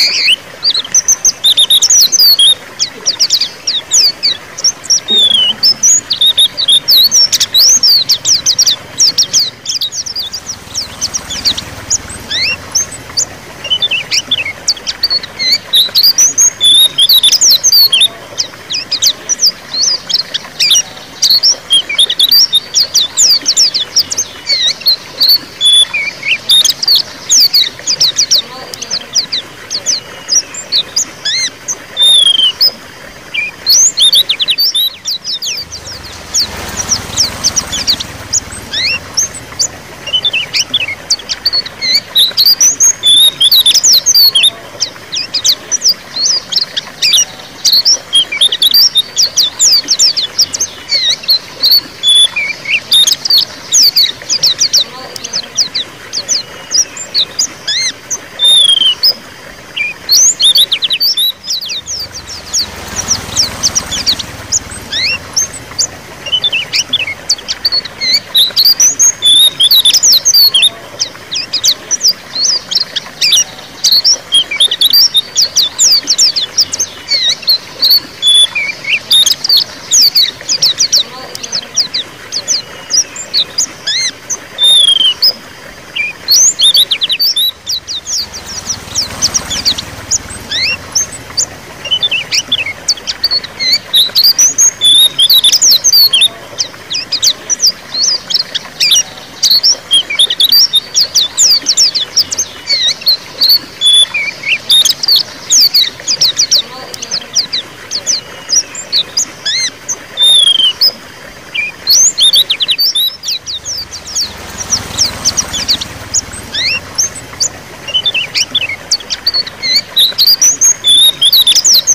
you you